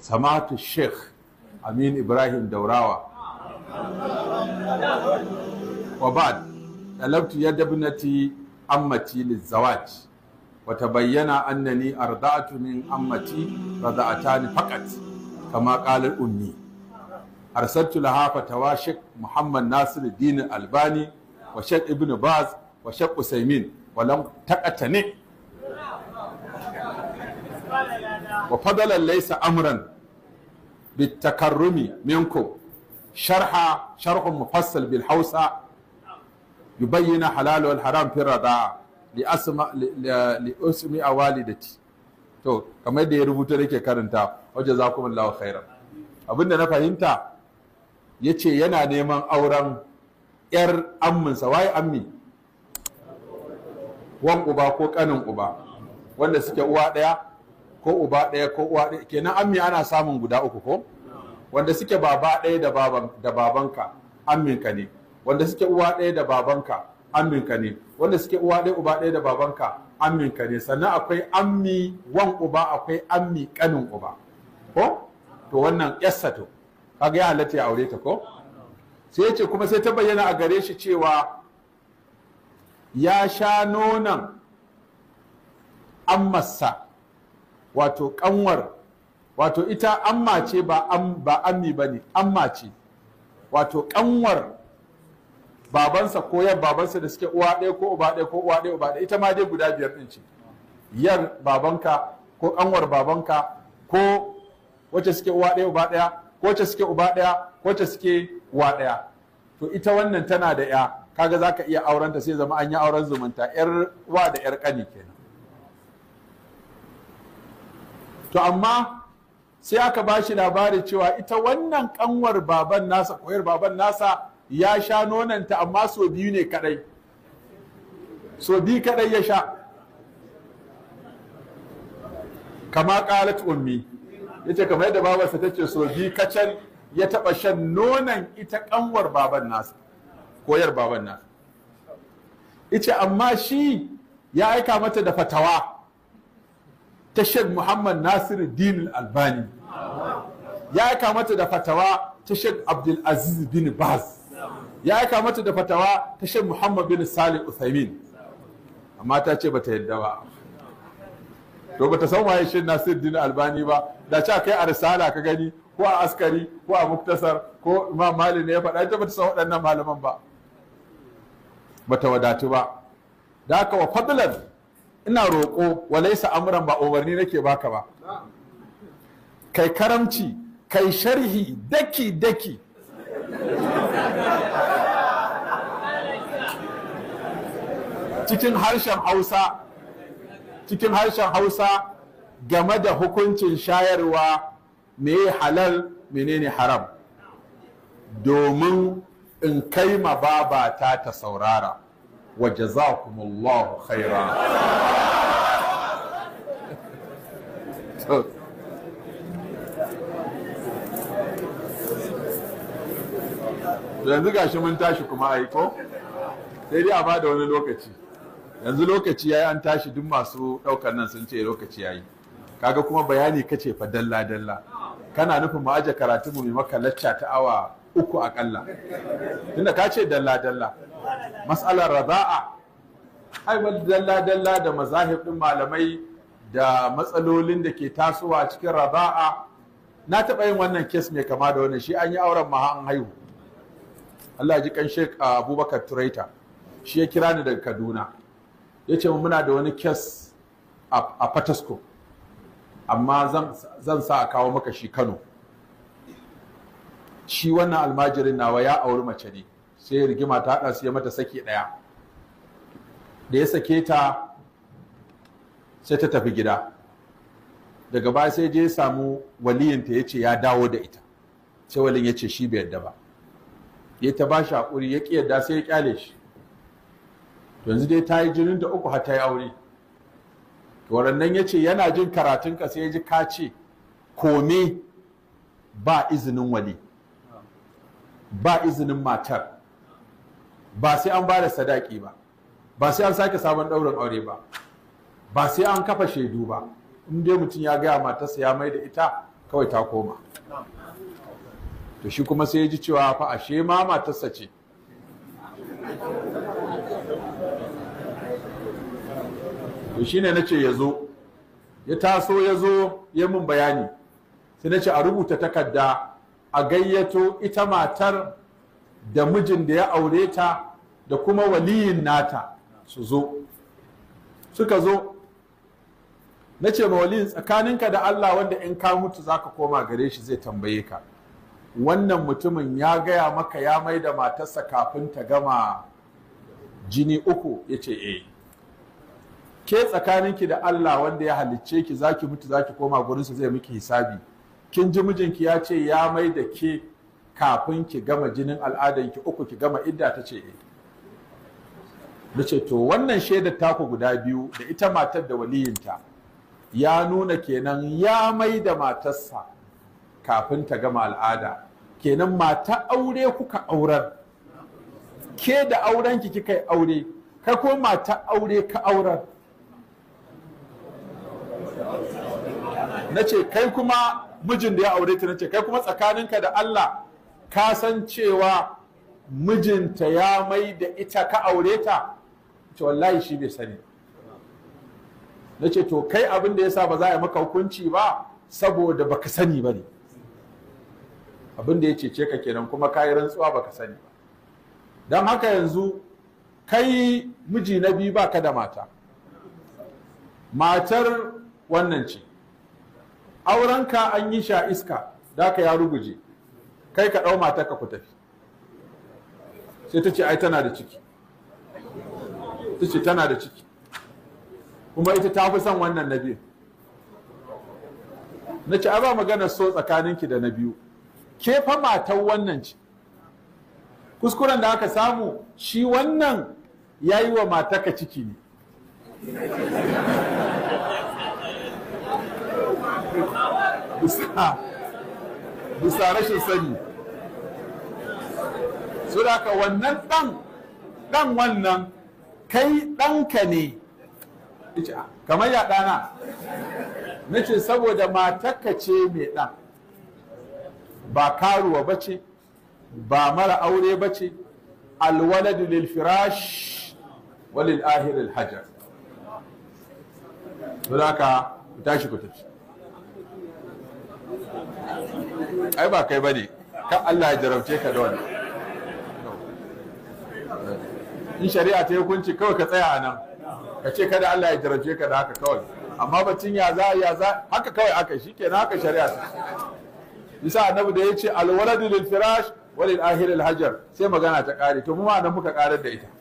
samatu sheikh amin ibrahim daurawa wa ba'd talabtu yad ibnati ammati lizawaj wata bayyana annani arda'tu min ammati ni faqat kama qala ummi arsaltu laha fatawa sheikh muhammad nasiruddin albani wa sheikh ibn baz wa sheikh usaimin wa lam taqatani wa fadalan laysa amran bitakarrumi minkum sharha sharhun mufassal bil hausa yubayyana halal wal haram fi rada li asma li usmi awalidati to kamar da ya rubuta nake karanta wajen zakumullahu khairan abinda na fahimta ya ce yana neman auren yar amminsa waye ammi wan uba ko ƙanin uba wanda suke uwa ɗaya. ko uba ɗaya ko uwa ɗaya kenan ammi ana samun guda uku ko wanda suke baba ɗaya da baban da babanka amminka ne wanda suke uwa ɗaya da babanka amminka ne wanda suke uwa ɗaya uba ɗaya da babanka amminka ne sannan akwai ammi wan uba akwai ammi kanin uba ko to wannan yassa to kaga ya halatta ya aure ta ko sai ya ce kuma sai ta bayyana a gare shi cewa ya sha nonon ammarsa wato kanwar wato ita amma ce ba am ba ammi bane amma ce wato kanwar babansa ko yan babansa da suke uwa ɗaya ko uba ɗaya ko uwa ɗaya uba ɗaya ita ma dai guda biyar ɗin ce yar babanka ko kanwar babanka ko wacce suke uwa ɗaya uba ɗaya ko wacce suke uba ɗaya ko wacce suke uwa ɗaya to ita wannan tana da ya kaga zaka iya aurenta sai zama an yi auren zumunta yar uwa da yar kani kenan to amma sai aka ba shi labari cewa ita wannan kanwar baban nasa koyar baban nasa ya sha nonanta amma so biyu ne kadai so biyu kadai ya sha kama qalat ummi yace kamar yadda babarsa tace so biyu kacal ya taba shan nonan ita kanwar baban nasa koyar baban nasa ita amma shi ya aika mata da fatawa ta Sheikh Muhammad Nasiru Din Albani ya aika mata da fatawa ta Sheikh Abdul Aziz bin Baz ya aika mata da fatawa ta Sheikh Muhammad bin Salih Uthaymin amma ta ce bata yadda ba to bata san waye Sheikh Nasiru Din Albani ba da ce kai a risala ka gani ko a askari ko a muktasar ko Imam Malik ne ya faɗa ita bata san waɗannan malaman ba bata wadatu ba da haka wa fadlan ina roƙo walaisa amuran ba umarni nake baka ba kai karamci kai sharhi daki daki cikin harshen hausa cikin harshen hausa game da hukuncin shayarwa meye halal menene haram domin in kai ma babata ta saurara wa jazakumullahu khaira yanzu gashi mun tashi kuma ai ko sai dai a ba da wani lokaci yanzu lokaci yi an tashi duk masu daukar nan sun ce lokaci yayi kaga kuma bayani kace fa dalla dalla kana nufin mu aje karatu mu mai maka ta awa uku akalla tunda ka ce dalla dalla mas'alar raza'a ai dalla dalla da mazahibin malamai da matsalolin da ke tasowa cikin raza'a na taɓa yin wannan kes mai kama da wannan shi an yi auren maha an haihu Allah ji kan Sheikh ah, Abubakar Turaita shi ya kira ni daga Kaduna ya ce muna da wani kes a Fatasko amma zan sa a kawo maka shi Kano shi wannan almajirin nawa ya auri mace ne sai rigima ta haɗa su ya mata sake ɗaya da ya sake ta sai ta tafi gida daga baya sai je ya samu waliyinta ya ce ya dawo da ita sai walin ya ce shi bai yadda ba ya ta ba shi haƙuri ya ƙi yadda sai ya ƙyale shi yanzu dai ta yi jinin da uku har ta yi aure warannan ya ce yana jin karatun ka sai ya ji ka ce kome ba izinin wali ba izinin matar ba sai an ba da sadaki ba ba sai an sake sabon ɗaurin aure ba ba sai an kafa shaidu ba in dai mutum ya gaya matarsa ya mai da ita kawai ta koma to shi kuma sai ya ji cewa fa ashe ma matarsa ce to shine ce ya zo ya taso ya zo ya mun bayani sai na ce a rubuta takarda a gayyato ita matar da mijin da ya aure ta da kuma waliyin nata su zo suka zo na ce waliyin tsakaninka da Allah wanda in ka mutu zaka koma gare shi zai tambaye ka wannan mutumin ya gaya maka ya mai da matarsa kafin ta gama jini uku ya ce eh ke tsakaninki da Allah wanda ya halicce ki zaki mutu zaki koma gurinsa zai miki hisabi kin ji mijinki ya ce ya mai da ke kafin ki gama jinin al'adanki uku ki gama idda ta ce da eh. ce to wannan shaidar taku guda biyu da ita matar da waliyinta ya nuna kenan ya mai da matarsa kafin ta gama al'ada kenan mata aure kuka aurar ke da aurenki kika yi aure kai ko mata aure ka aurar na ce kai kuma mijin da ya aure ta na ce kai kuma tsakaninka da Allah ka san cewa mijinta ya mai da ita ka aure ta ce wallahi shi bai sani na ce to kai abin da ya sa ba za a yi maka hukunci ba saboda ba ka sani ba ne abin da ya cece ka kenan kuma ka yi rantsuwa ka sani ba don haka yanzu kai miji na biyu ba ka da mata matar wannan ce aurenka an yi sha iska da ka ya ruguje kai ka ɗau ka ku tafi sai ta ce ai tana da ciki ta ce tana da ciki kuma ita ta fi son wannan na biyu na ce ba magana so tsakaninki da na biyu ke fa matan wannan ce kuskuren da aka samu shi wannan ya yi wa mataka ciki ne bisa rashin sani su da ka wannan dan dan wannan kai ɗanka ne ah, kamar ya ɗana nace saboda matakka ce mai ɗan ba karuwa ba ce ba mara aure ba ce alwaladu lil firash walil ahiril hajar su da ku tashi ku tafi ai ba kai ba ne kan Allah ya jarabce ka da wani in shari'a ta hukunci kawai ka tsaya nan ka ce kada Allah ya jarabce ka da haka kawai amma bacin ya za ya za haka kawai aka shi kenan haka shari'a ta bisa annabi da ya ce alwaladu lil firash walil ahir hajar sai magana ta kare to mu ma nan muka karar da ita